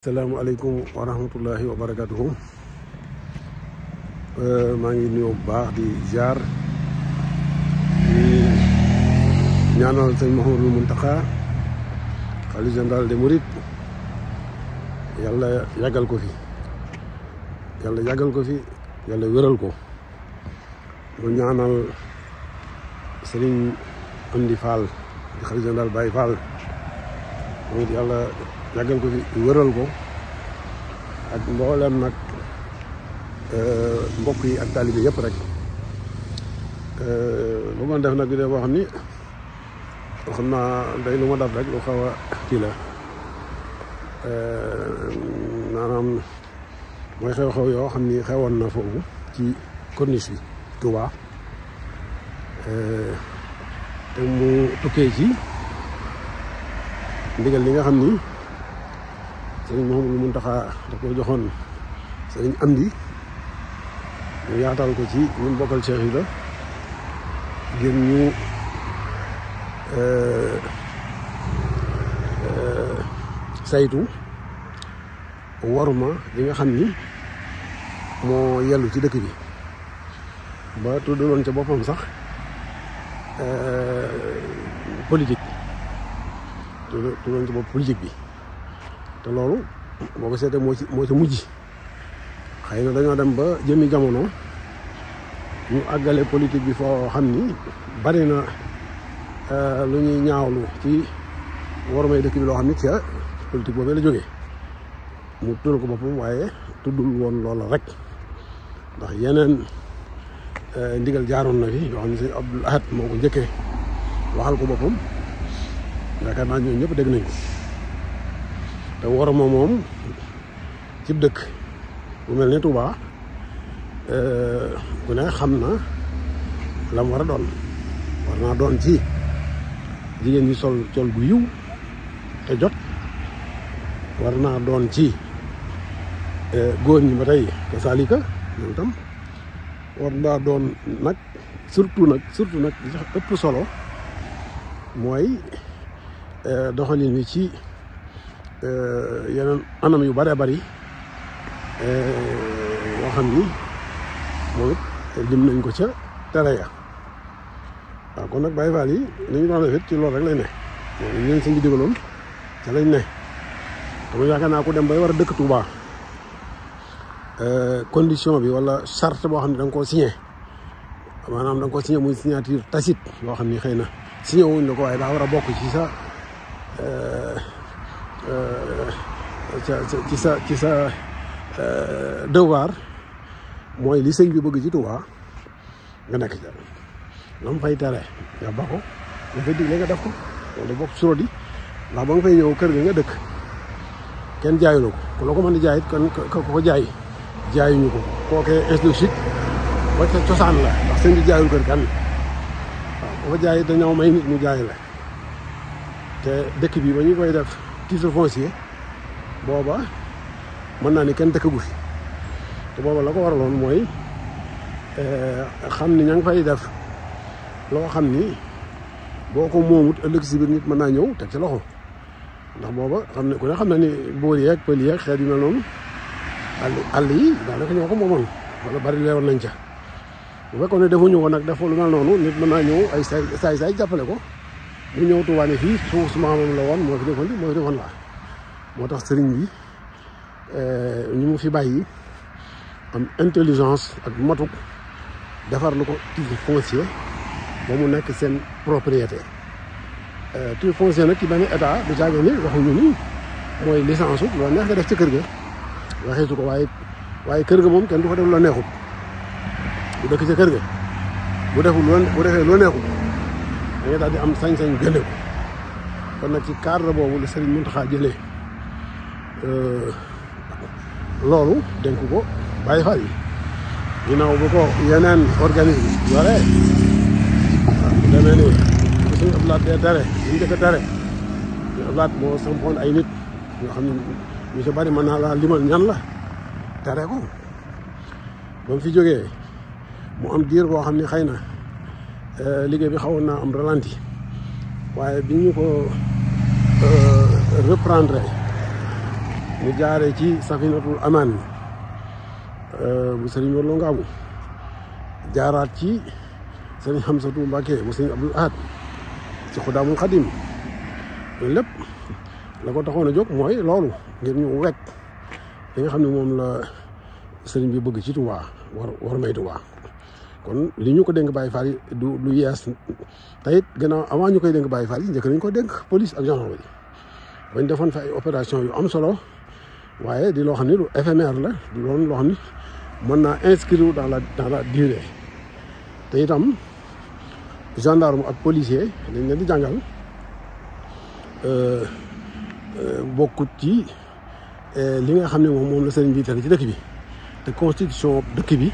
salaamaaleykum wa rahmatullahi wa barakatuhu euh, maa ngi nuyoo bu baax di jaar di ñaanal sëñ Mouhamadou Mountakha xalifa général des mourides yàlla yàggal ko fi yàlla yàggal ko fi yàlla wéral ko mu ñaanal sëriñ Amdi Fall di xalifa général Baye Fall tamit yàlla yàggal ko fi wëral ko ak mboolem nag euh, mbokk yi ak taalibe yëpp rek euh, lu ma def nag bi dee boo xam ni xam naa day lu ma dab rek lu xaw a kii la euh, maanaam mooy xew-xew yoo xam ni xewoon na foofu ci corniche bi Touba te mu tukkee ci ndigal li nga xam ni sëriñ Mouhamadou Mountakha da koy joxoon sëriñ Amdi mu yaatal ko ci ñun bokkal Cheikh Ibra ngir ñu euh, euh, saytu waruma li nga xam ni moo yellu ci dëkk bi ba tuddaloon ca boppam sax euh, politique tuddal ci bopp politique bi te loolu boo ko seetee moo ci moo ci mujj xëy na dañoo dem ba jëmi jamono ñu àggale politique bi bari na lu ñuy ñaawlu ci warmay dëkk bi loo xam ni ca politique boobee la jógee mu tuddal ko boppam waaye tuddul woon loola rek ndax yeneen ya eh, ndigal jaaroon na fi yoo xam ne sëñ Abdul Ahad waxal ko yaakaar naa ñooñu ñëpp dégg nañ ko te worma moom ci dëkk bu mel ni Touba eh, ku ne xam na la war a doon war naa doon ci jigéen ñi sol col gu yiw te jot war naa doon ci eh, góor ñi ba tey te saalika tam war naa doon nag surtout nag surtout nag li ëpp solo mooy Euh, doxalin wi ci euh, yeneen anam yu bare bari euh, yoo xam ni moom it lim nañ ko ca tere ya waaw kon nag Baye Fall yi li ñu doon ci loolu rek lay ne moom li ca lañ ne dama yaakaar naa ku dem bay war a dëkk Touba condition bi wala charte boo xam ne da nga koo signé maanaam da nga koo signé muy signature tacite boo xam ni xëy na signé wuñ la ko waaye daa war a bokk ci sa ci sa ci sa euh, devoir mooy li sëñ bi bëgg ci Tuubaa nga nekk ca la mu fay tere nga ba nga fay digle nga def ko loolu bokk suro ndax ba nga fay ñëw kër gi nga dëkk kenn jaayu la ko ku la ko mën a jaayit kon ko ko jaay jaayuñu ko kookee ethnochique ba ca cosaan la ndax sëñ bi jaayul kër kan waaw ko jaayit dañoo may nit ñu jaay la te dëkk bii ba ñu koy def titre foncier booba mën naa ni kenn dëkk gu te booba la ko waraloon mooy eh, xam ni ña ngi fay def loo xam ni boo ko moomut ëllëg si biir nit mën naa ñëw teg ci loxo ndax booba xam ne ku ne xam ne ni boor yeeg pël yeeg xeet yu mel noonu àll àll yi daanaka ñoo ko moomoon wala bari leewoon nañ ca bu fekkoon ne defuñu ko nag def lu mel noonu nit mën naa ñëw ay saay saay jàppale ko. ñu ñëw Tuubaa ne fii suuf su maamam la woon moo fi nekkoon di moo fi nekkoon laa moo tax sëriñ bi ñu mu fi bàyyi am intelligence ak matuk defar lu ko titre foncier ba mu nekk seen propriété titre foncier nag ci benn état du caagee ni waxuñu ni mooy licence u loo neex nga def ci kër ga waxee su ko waaye waaye kër ga moom kenn du ko def loo neexut bu dëkk ca kër ga bu deful loo bu defee loo neexut dañuy daal di am sañ-sañ jëlee ko kon nag ci cadre boobu la Serigne Mountakha jëlee euh, loolu dénk ko bàyyi fal yi ginnaaw bu ko yeneen organisme yore waaw bu demee nii bu suñu ablaat dee tere bu njëkk a tere suñu moo sampoon ay nit yoo xam ñu ci bari mën naa laa limal ñan la tere ko ba mu fi jógee mu am diir boo xam ni xëy na liggéey bi xawoon naa am ralenti waaye bi ñu ko euh, reprendre ñu jaaree ci safinatul amaan euh, bu sëriñ Mor Lo Ngaabu jaaraat ci sëriñ Xamsatu Mbàkke bu sëriñ Abdul Ahad ci Xudaamul Xadim loolu lépp la ko taxoon a jóg mooy loolu ngir ñu wekk li xam ne moom la sëriñ bi bëgg ci Tuubaa war may Tuubaa kon li ñu ko dénk Baye Fall yi du lu yees te it gannaaw avant ñu koy dénk Baye Fall yi njëkk nañ ko dénk police ak gendarmerie bañ defoon fa ay opération yu am solo waaye di loo xam ne lu éphémère la du loo xam ne mën naa inscrire dans la dans la durée te itam gendarme ak policier dañ leen di jàngal euh, euh, bokkut ci euh, li nga xam ne moom moom la sëriñ bi tere ci dëkk bi te constitution dëkk bi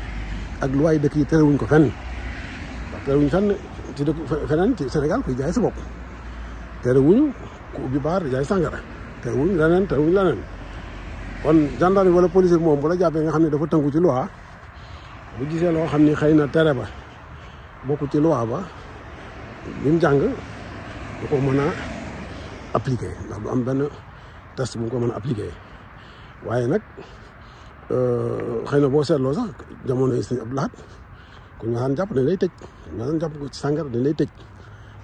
ak waay dëkk yi terewuñ ko fenn ndax terewuñ fenn ci dëkk feneen ci Sénégal kuy jaay sa bopp terewuñu ku ubbi baar di jaay sàngara terewuñ leneen terewuñ leneen kon gendarme wala policier moom bu la jàppee nga xam ne dafa tënku ci loi bu gisee loo xam ne xëy na tere ba bokku ci loi ba li mu jàng du ko mën a appliquer ndax du am benn test bu ko mën a appliquer waaye nag Euh, xëy na boo seetloo sax jamono sëñ Abdou Lahad ku ñu waxaan jàpp dañ lay tëj ñu waxaan jàpp ci sàngara dañ lay tëj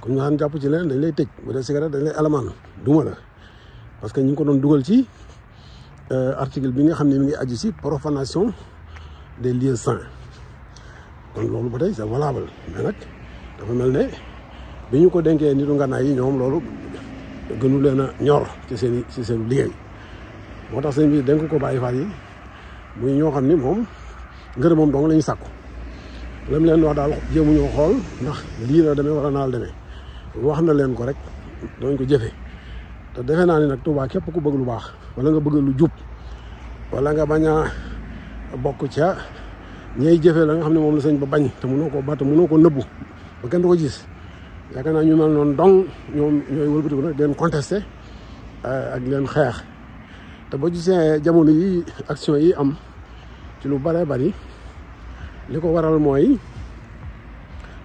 kon ñu waxaan jàpp ci leneen dañ lay tëj bu dee cigarette dañ lay alamaan duma la parce que ñu ngi ko doon dugal ci euh, article bi nga xam ne mi ngi aju si profanation des lieux saints kon loolu ba tey c'est valable mais nag dafa mel ne bi ñu ko denkee nitu ngànnaay yi ñoom loolu gënu leen a ñor ci seen ci seen liggéey moo tax sëñ bi denk ko bàyyi faal yi muy ñoo xam ni moom ngërëm moom dong la ñu sàkku lam leen wax daal jéemuñoo xool ndax lii la war wala naal demee wax na leen ko rek dooñ ko jëfe te defe naa ni nag Tuubaa képp ku bëgg lu baax wala nga bëgg lu jub wala nga bañ a bokk ca ñay jëfe la nga xam ne moom la sëñ ba bañ te mënoo ko ba te mënoo ko nëbbu ba kenn du ko gis yaakaar naa ñu mel noonu dong ñoom ñooy wëlbatiku nag leen contesté eh, ak leen xeex te boo gisee jamono yi action yi am ci lu bare bari li ko waral mooy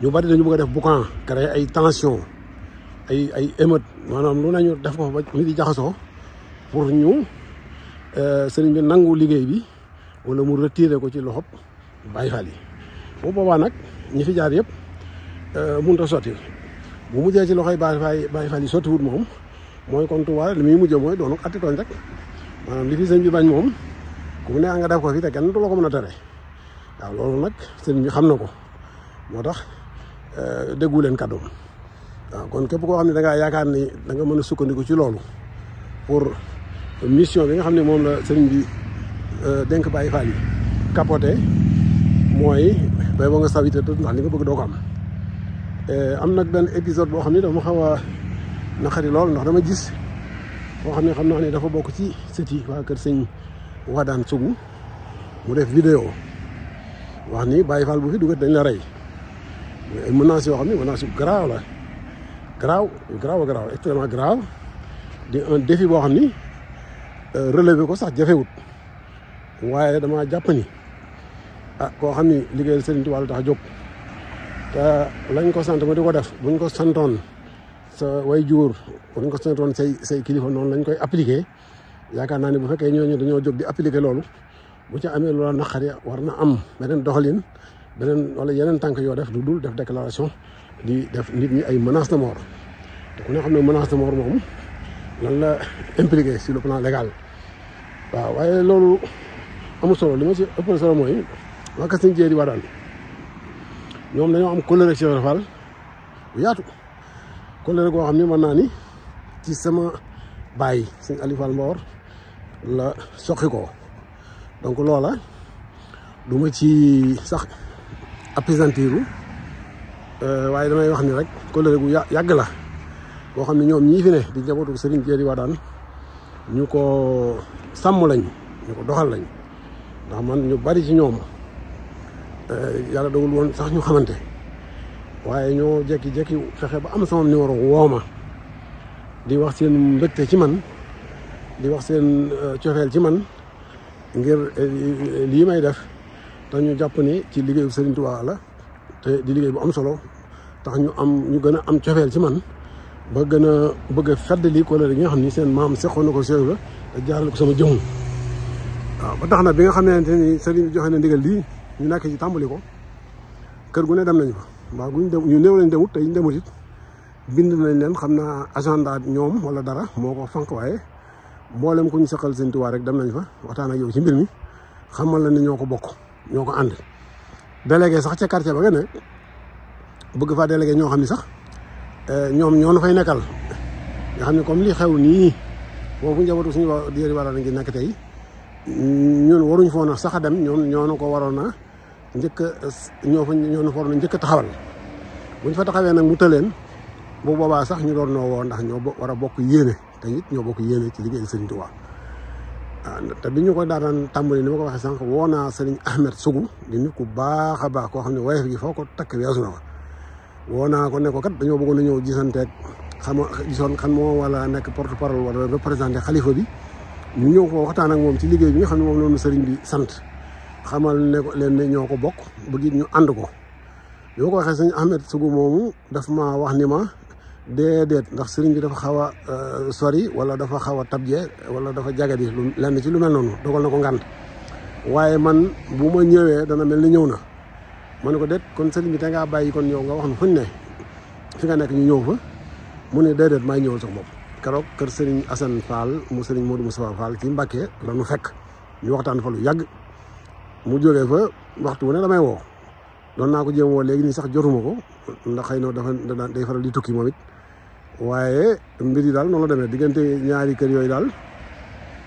ñu bari dañu bëgg a def boucan créer ay tension ay ay émeute maanaam lu nañu def ko ba nit di jaxasoo pour ñu euh, sëriñ bi nangu liggéey bi wala mu retirer ko ci loxob Baay Faal yi bu boobaa nag ñi fi jaar yëpp euh, mënut a sotti bu mujjee ci loxoy Baay Faal Baay Faal yi sottiwut moom mooy kon Tuubaa li muy mujjee mooy doonu atti tooñ rek maanaam li fi sëñ bi bañ moom ku ne nga def ko fi ko mën a tere waaw nag sëñ bi xam na ko moo tax euh, déggu leen kàddoom waaw kon képp koo xam ne da yaakaar ni da mën a sukkandiku ci loolu pour mission bi nga xam ne moom la sëñ bi euh, dénk bàyyi faal yi capoté mooy bay boo nga sawite te ndax li bëgg doo ko am euh, am nag benn boo xam ne dama xaw a naqari loolu ndax dama gis koo xam ne xam na naa ne dafa bokk ci sët yi waa kër sëñ daan Sougou mu def vidéo wax ni Baye Fall bu fi dugat dañ la rey ay menaces yoo xam ne menace yu grave la grave grave grave extrêmement grave di un défi boo xam ni euh, relever ko sax jafewut waaye damaa jàpp ni ah koo xam ni liggéey Sëriñ Tuubaa tax jóg te lañ ko sant ma di ko def buñ ko santoon sa way juur war nga ko santoon say say kilifa noonu lañ koy appliquer yaakaar naa ne bu fekkee ñooñu dañoo jóg di appliquer loolu bu ca amee loola naqari war na am beneen doxalin beneen wala yeneen tànk yoo def lu dul def déclaration di def nit ñi ay menace de mort te ku ne xam ne menace de mort moom lan la impliqué si le plan légal waaw waaye loolu amul solo li ma ci ëppal solo mooy waa Kastiñ Jéeri Wadaan ñoom dañoo am colère ci Cheikh kóllëre goo xam ne mën naa ni ci sama baay sëñ Aliou Fall la soqi ko donc loola du ma ci sax appesantiru euh, waaye damay wax ni rek kóllëre gu yàgg la boo xam ne ñoom ñii fi ne di njabootu Serigne Jéeri Wadaan ñu ko sàmm lañ ñu ko doxal lañ ndax man ñu bari ci ñoom euh, yàlla dogul woon sax ñu xamante waaye ñoo jekki-jekki fexe ba am sama numéro woo ma di wax seen mbégte ci man di wax seen euh, cofeel ci man ngir euh, lii may def tax ñu jàpp ni ci liggéeyu sëriñ Touba la te di liggéey bu am solo tax ñu am ñu gën a am cofeel ci man ba gën a bëgg a feddali kóllëre gi nga xam ni seen maam seqoon na ko Cheikh la te jaarale ko sama jëmm tax na bi nga xamante ni Serigne bi joxe na ñu nekk ci tàmbali ko kër gu ne dem nañ fa. waaw bu ñu dem ñu néew lañ demut tey ñu demut it bind nañ leen xam naa agenda ñoom wala dara moo ko fànq waaye mboolem ku ñu saqal seen tuwaay rek dem nañ fa waxtaan yow ci mbir mi xamal la ne ñoo ko bokk ñoo ko ànd. délégué sax ca quartier ba nga ne bëgg ñoo xam ni sax eh, ñoom ñoo na fay nekkal nga xam comme li xew nii foofu njabootu suñu waa diir wala ngi nekk tey ñun waruñ foona sax a dem ñoom ñoo na ko waroon a njëkk ñoo fa ñoo fa waroon njëkk a taxawal bu ñu fa taxawee nag mu tëleen bu boobaa sax ñu doon noo woo ndax ñoo war a bokk yéene te it ñoo bokk yéene ci liggéeyal Serigne Touba ah, te bi ñu ko daan tàmbali ni ma ko waxee sànq woo naa Serigne Ahmed Sougou di nit ku baax baax koo xam wayef gi foo ko takk na ko ne ko kat dañoo bëggoon xam gisoon kan mo wala nekk porte parole wala représenté xalifa bi ñu ñëw ko waxtaan ak moom ci liggéey bi nga xam ne moom noonu Serigne bi sant xamal ne leen ne ñoo ko bokk bëgg it ñu ànd ko yoo ma ko waxee sëñ Ahmed Sougou moomu daf ma wax ni ma déedéet ndax sëriñ bi dafa xaw a euh, sori wala dafa xaw a tabje wala dafa jagadi lu lenn ci lu mel noonu dogal na ko ngan waaye man bu ma ñëwee dana mel ni ñëw na ma ne ko déet kon sëriñ bi te ngaa bàyyi kon yow nga wax ne fuñ ne fi nga nekk ñu ñëw fa mu ne déedéet may ñëwal sax bopp keroog kër sëriñ Assane Fall mu sëriñ Modou Moustapha Fall ci Mbàkke la nu fekk ñu waxtaan fa lu yàgg mu jógee fa waxtu wu ne damay woo doon naa ko jéem woo léegi nii sax jotuma ko ndax xëy na dafa day faral di tukki moom it waaye mbir yi daal noonu la demee diggante ñaari kër yooyu daal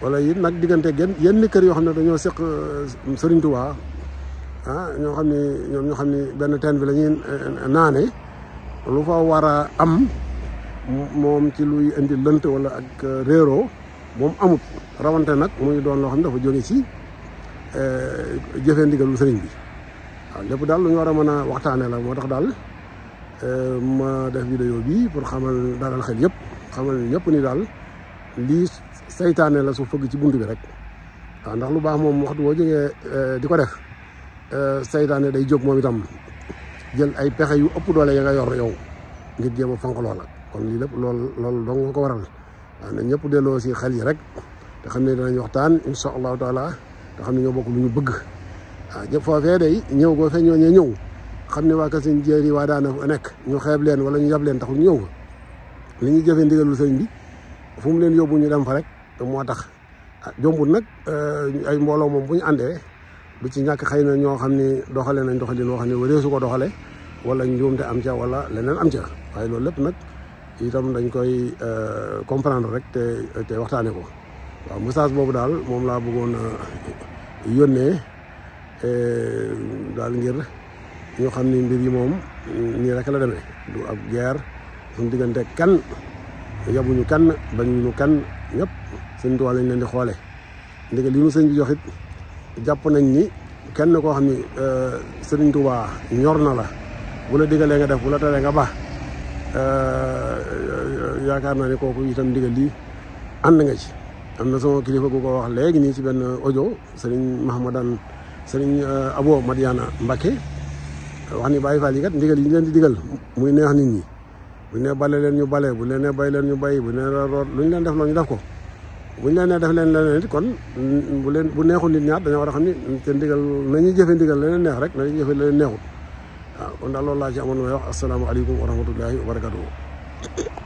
walla it nag diggante genn yenn kër yoo xam ne dañoo seq euh, Serigne ah, ñoo xam ne ñoom ñoo xam ne benn teen bi la ñuy euh, lu fa war a am moom ci luy indi lënt wala ak euh, réero moom amut rawante nag muy doon loo xam ne dafa jóge ci Euh, jëfee ndigalul sëriñ bi waaw lépp daal lu ñu war a mën a waxtaanee la moo tax daal euh, ma def vidéo bii pour xamal dalal xel yëpp xamal ñëpp ni daal lii seytaane la su fëgg ci bunt bi rek waaw ndax lu baax moom waxtu boo jógee euh, di ko def seytaane day jóg moom itam jël ay pexe yu ëpp doole ya nga yor yow ngir jéem a fonk loola kon lii lépp lool loolu nga ko waral waaw na ñëpp delloo si xel yi rek te xam ne danañ waxtaan incha allahu taala nga xam ne ñoo bokk lu ñu bëgg waaw ah, ñëpp foofee day ñëw goo fee ñooñee ñëw xam ne waa Kazu Rajab yi waa daana nekk ñu xeeb leen wala ñu yab leen taxul ñëw li ñu jëfee ndigalul sëñ bi fu mu leen yóbbu ñu dem fa rek moo tax ah, jombul nag euh, ay mbooloo moom bu ñu àndee du ci ñàkk xëy na ñoo xam ne doxale nañ doxalin woo xam ne waree su ko doxale wala njuumte am ca wala leneen am ca waaye loolu lépp nag itam dañ koy euh, comprendre rek te te waxtaane ko waaw message boobu daal moom laa bëggoon euh, yónnee eh, daal ngir ñoo xam ne mbir yi moom nii rek la demee du ab guerre suñ diggante kan yabuñu kan bañuñu kan ñëpp sëñ Tuubaa lañ leen di xoole ndigal li mu sëñ bi joxit jàpp nañ ni kenn koo xam ni eh, sëriñ Tuubaa ñor na la bu la digalee nga def bu la teree nga ba eh, yaakaar naa ne kooku itam ndigal lii ànd nga ci am na sama kilifa gu ko wax léegi nii ci benn audio sëriñ Mahamadan sëriñ euh, Abo Madiana Mbacke wax ni bàyyi faal yi kat ndigal yi ñu leen di digal muy neex nit ñi buñ bale leen ñu bale bu leen bay leen ñu bay bu leen root lu ñu leen def loo ñu def ko buñ leen def leen leneen it kon bu leen bu neexul nit ñaar dañoo war a xam ni te ndigal nañuy jëfe ndigal leneen neex rek nañuy jëfe leneen neexul waaw kon daal loolu laa ci amoon may wax asalaamaaleykum wa rahmatullahi wa barakatuhu